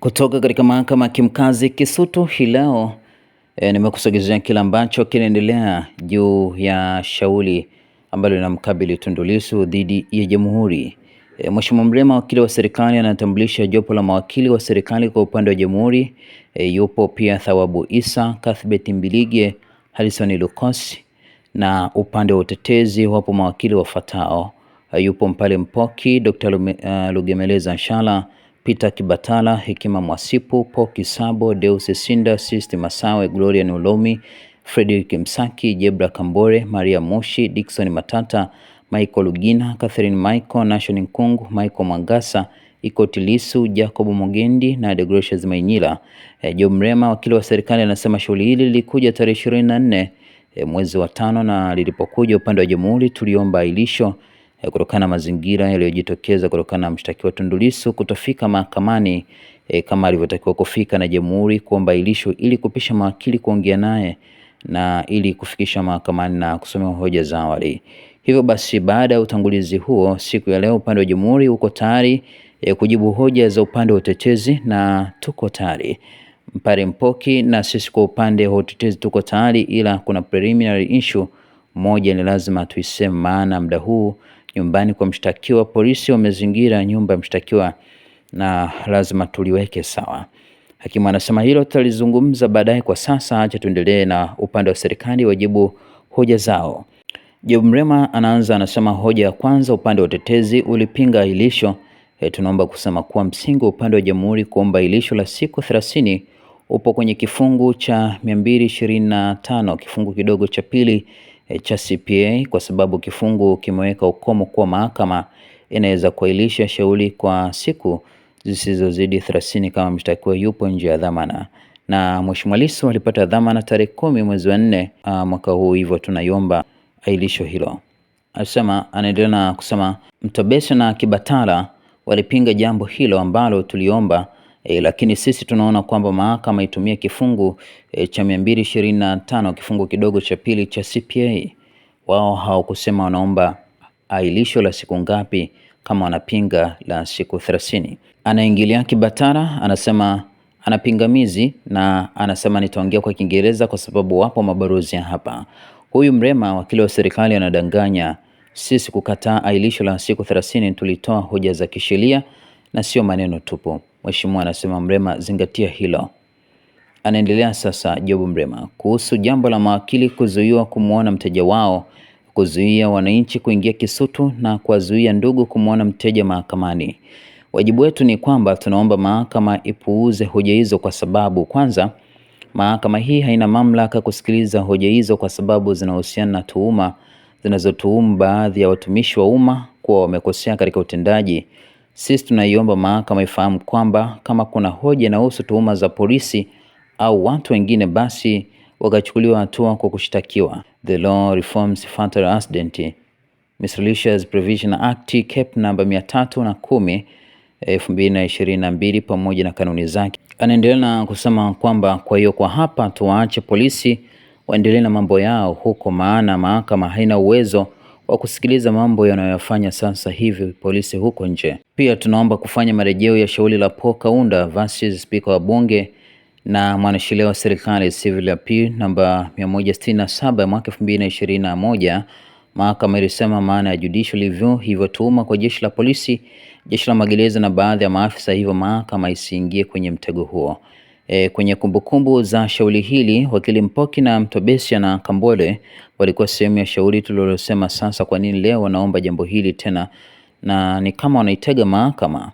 Kutoka katika mahakama ya kimkazi Kisutu hii leo e, nimekusogezea kile ambacho kinaendelea juu ya shauri ambalo linamkabili Tundu Lissu dhidi ya jamhuri. E, Mheshimiwa Mrema, wakili wa serikali, anatambulisha jopo la mawakili wa serikali kwa upande wa jamhuri. E, yupo pia Thawabu Isa, Kathbeti Mbilige, Harrison Lukosi na upande wa utetezi wapo mawakili wafuatao. yupo Mpale Mpoki, Dr. Lugemeleza Nshala Peter Kibatala, Hekima Mwasipu, Paul Kisabo, Deus Sinda, Sisti Masawe, Gloria Nulomi, Frederick Msaki, Jebra Kambore, Maria Moshi, Dickson Matata, Michael Lugina, Catherine Michael, Nashon Nkungu, Michael Mwangasa, Ikotilisu, Lisu, Jacob Mugendi na Degracious Mainyila. E, eh, Jo Mrema, wakili wa serikali, anasema shughuli hili lilikuja tarehe ishirini na nne eh, mwezi wa tano, na lilipokuja upande wa Jamhuri tuliomba ilisho e, kutokana na mazingira yaliyojitokeza kutokana na mshtakiwa Tundu Lissu kutofika mahakamani e, kama alivyotakiwa kufika na jamhuri kuomba ilisho ili kupisha mawakili kuongea naye na ili kufikisha mahakamani na kusomewa hoja za awali. Hivyo basi, baada ya utangulizi huo, siku ya leo upande wa jamhuri uko tayari e, kujibu hoja za upande wa utetezi na tuko tayari Mpare Mpoki na sisi kwa upande wa utetezi tuko tayari, ila kuna preliminary issue moja ni lazima tuiseme, maana muda huu nyumbani kwa mshtakiwa. Polisi wamezingira nyumba ya mshtakiwa na lazima tuliweke sawa. Hakimu anasema hilo tutalizungumza baadaye, kwa sasa acha tuendelee na upande wa serikali wajibu hoja zao. Job Mrema anaanza anasema, hoja ya kwanza upande wa utetezi ulipinga ilisho E, eh, tunaomba kusema kuwa msingi wa upande wa jamhuri kuomba ilisho la siku 30 upo kwenye kifungu cha 225 kifungu kidogo cha pili Eh, cha CPA kwa sababu kifungu kimeweka ukomo kuwa mahakama inaweza kuahirisha shauri kwa siku zisizozidi 30 kama mshtakiwa yupo nje ya dhamana. Na Mheshimiwa Lissu alipata dhamana tarehe kumi mwezi wa nne ah, mwaka huu, hivyo tunaiomba ahirisho hilo. Alisema, anaendelea na kusema Mtabesa na Kibatala walipinga jambo hilo ambalo tuliomba e, lakini sisi tunaona kwamba mahakama itumie kifungu e, cha mia tano kifungu kidogo cha pili cha CPA. Wao hawakusema wanaomba ailisho la siku ngapi kama wanapinga la siku 30. Anaingilia kibatara, anasema ana pingamizi na anasema nitaongea kwa Kiingereza kwa sababu wapo mabaruzi hapa. Huyu Mrema, wakili wa serikali, anadanganya. Sisi kukataa ailisho la siku 30 tulitoa hoja za kisheria na sio maneno tupu. Mheshimiwa anasema Mrema, zingatia hilo. Anaendelea sasa Jobu Mrema kuhusu jambo la mawakili kuzuiwa kumwona mteja wao, kuzuia wananchi kuingia Kisutu na kuwazuia ndugu kumwona mteja mahakamani. Wajibu wetu ni kwamba tunaomba mahakama ipuuze hoja hizo, kwa sababu kwanza, mahakama hii haina mamlaka kusikiliza hoja hizo kwa sababu zinahusiana na tuhuma zinazotuhumu baadhi ya watumishi wa umma kuwa wamekosea katika utendaji sisi tunaiomba mahakama ifahamu kwamba kama kuna hoja inahusu tuhuma za polisi au watu wengine, basi wakachukuliwa hatua kwa kushtakiwa. The Law Reforms Fatal Accident Miscellaneous Provision Act Cap namba 310 2022 pamoja na kanuni zake. Anaendelea na kusema kwamba kwa hiyo kwa hapa tuwaache polisi waendelee na mambo yao huko, maana mahakama haina uwezo wa kusikiliza mambo yanayoyafanya sasa hivi polisi huko nje. Pia tunaomba kufanya marejeo ya shauri la Paul Kaunda versus spika wa bunge na mwanasheria wa serikali civil appeal namba 167 ya mwaka 2021. Mahakama ilisema maana ya judicial review, hivyo tuhuma kwa jeshi la polisi, jeshi la magereza na baadhi ya maafisa, hivyo mahakama isiingie kwenye mtego huo. E, kwenye kumbukumbu za shauri hili wakili Mpoki na Mtobesya na Kambole walikuwa sehemu ya shauri tulilosema sasa kwa nini leo wanaomba jambo hili tena na ni kama wanaitega mahakama.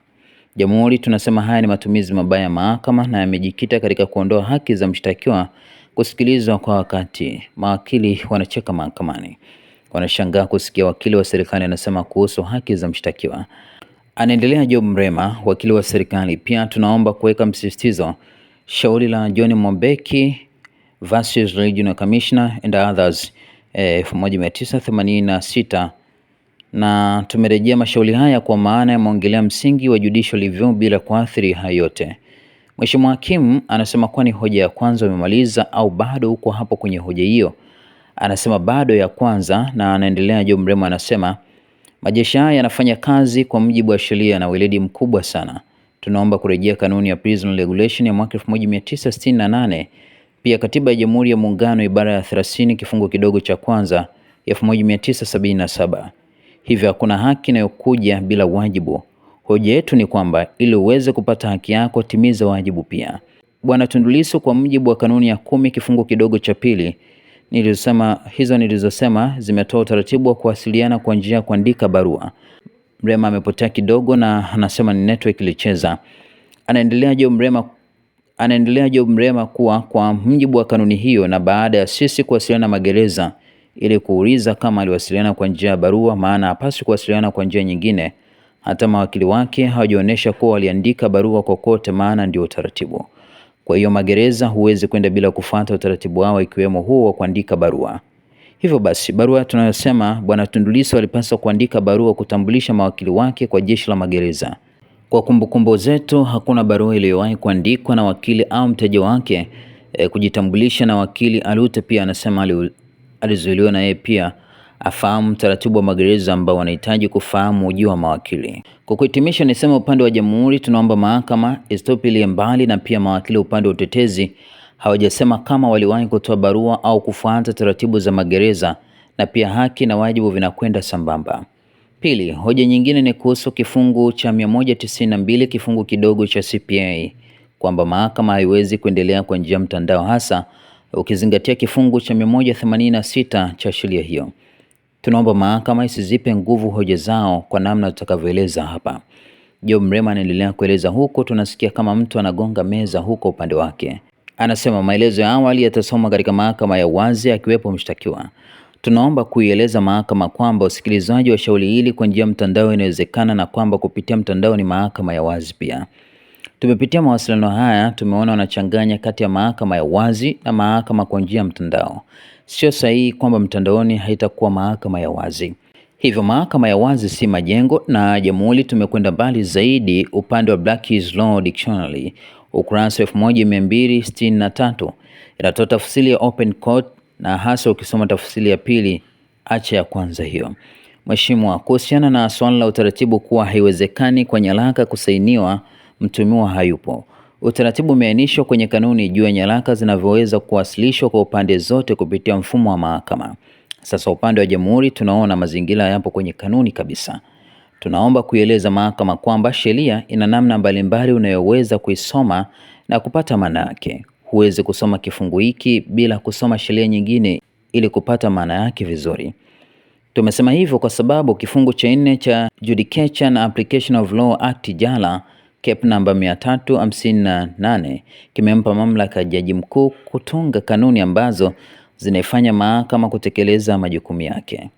Jamhuri tunasema haya ni matumizi mabaya ya mahakama na yamejikita katika kuondoa haki za mshtakiwa kusikilizwa kwa wakati. Mawakili wanacheka mahakamani, wanashangaa kusikia wakili wa serikali anasema kuhusu haki za mshtakiwa. Anaendelea Job Mrema, wakili wa serikali: pia tunaomba kuweka msisitizo shauri la John Mombeki versus Regional Commissioner and others 1986 eh, na tumerejea mashauri haya kwa maana yameongelea msingi wa judicial review bila kuathiri hayo yote. Mheshimiwa hakimu anasema kwani hoja ya kwanza umemaliza au bado uko hapo kwenye hoja hiyo? Anasema bado ya kwanza, na anaendelea Job Mrema anasema majeshi haya yanafanya kazi kwa mujibu wa sheria na weledi mkubwa sana tunaomba kurejea kanuni ya Prison Regulation ya mwaka 1968. Pia katiba ya Jamhuri ya Muungano ibara ya 30 kifungu kidogo cha kwanza ya 1977. Hivyo hakuna haki inayokuja bila wajibu. Hoja yetu ni kwamba ili uweze kupata haki yako, timiza wajibu pia. Bwana Tundu Lissu, kwa mujibu wa kanuni ya kumi kifungu kidogo cha pili nilizosema hizo nilizosema zimetoa utaratibu wa kuwasiliana kwa njia ya kuandika barua. Mrema amepotea kidogo na anasema ni network ilicheza. Anaendelea Job Mrema anaendelea Job Mrema kuwa kwa mjibu wa kanuni hiyo, na baada ya sisi kuwasiliana na magereza ili kuuliza kama aliwasiliana kwa njia ya barua, maana hapaswi kuwasiliana kwa njia nyingine. Hata mawakili wake hawajaonyesha kuwa waliandika barua kokote, maana ndio utaratibu. Kwa hiyo magereza huwezi kwenda bila kufuata utaratibu wao, ikiwemo huo wa kuandika barua. Hivyo basi barua tunayosema Bwana Tundu Lissu alipaswa kuandika barua kutambulisha mawakili wake kwa jeshi la magereza. Kwa kumbukumbu zetu, hakuna barua iliyowahi kuandikwa na wakili au mteja wake e, kujitambulisha. Na wakili Alute pia anasema alizuiliwa na yeye pia afahamu taratibu wa magereza ambao wanahitaji kufahamu ujio wa mawakili. Kwa kuhitimisha, nisema upande wa jamhuri tunaomba mahakama isitupilie mbali na pia mawakili upande wa utetezi hawajasema kama waliwahi kutoa barua au kufuata taratibu za magereza, na pia haki na wajibu vinakwenda sambamba. Pili, hoja nyingine ni kuhusu kifungu cha 192 kifungu kidogo cha CPA kwamba mahakama haiwezi kuendelea kwa njia mtandao, hasa ukizingatia kifungu cha 186 cha sheria hiyo. Tunaomba mahakama isizipe nguvu hoja zao kwa namna tutakavyoeleza hapa. Job Mrema anaendelea kueleza huko, tunasikia kama mtu anagonga meza huko upande wake. Anasema maelezo ya awali yatasomwa katika mahakama ya wazi akiwepo mshtakiwa. Tunaomba kuieleza mahakama kwamba usikilizaji wa shauri hili kwa njia ya mtandao inawezekana na kwamba kupitia mtandao ni mahakama ya wazi pia. Tumepitia mawasiliano haya, tumeona wanachanganya kati ya mahakama ya wazi na mahakama kwa njia ya mtandao. Sio sahihi kwamba mtandaoni haitakuwa mahakama ya wazi. Hivyo mahakama ya wazi si majengo, na jamhuri tumekwenda mbali zaidi upande wa Black Law Dictionary ukurasa 1263 inatoa tafsiri ya open court na hasa ukisoma tafsiri ya pili acha ya kwanza hiyo. Mheshimiwa, kuhusiana na swala la utaratibu kuwa haiwezekani kwa nyaraka kusainiwa mtumiwa hayupo, utaratibu umeainishwa kwenye kanuni juu ya nyaraka zinavyoweza kuwasilishwa kwa upande zote kupitia mfumo wa mahakama. Sasa upande wa jamhuri tunaona mazingira yapo kwenye kanuni kabisa. Tunaomba kuieleza mahakama kwamba sheria ina namna mbalimbali unayoweza kuisoma na kupata maana yake. Huwezi kusoma kifungu hiki bila kusoma sheria nyingine ili kupata maana yake vizuri. Tumesema hivyo kwa sababu kifungu cha nne cha Judicature and Application of Law Act Jala Cap namba 358 kimempa mamlaka jaji mkuu kutunga kanuni ambazo zinaifanya mahakama kutekeleza majukumu yake.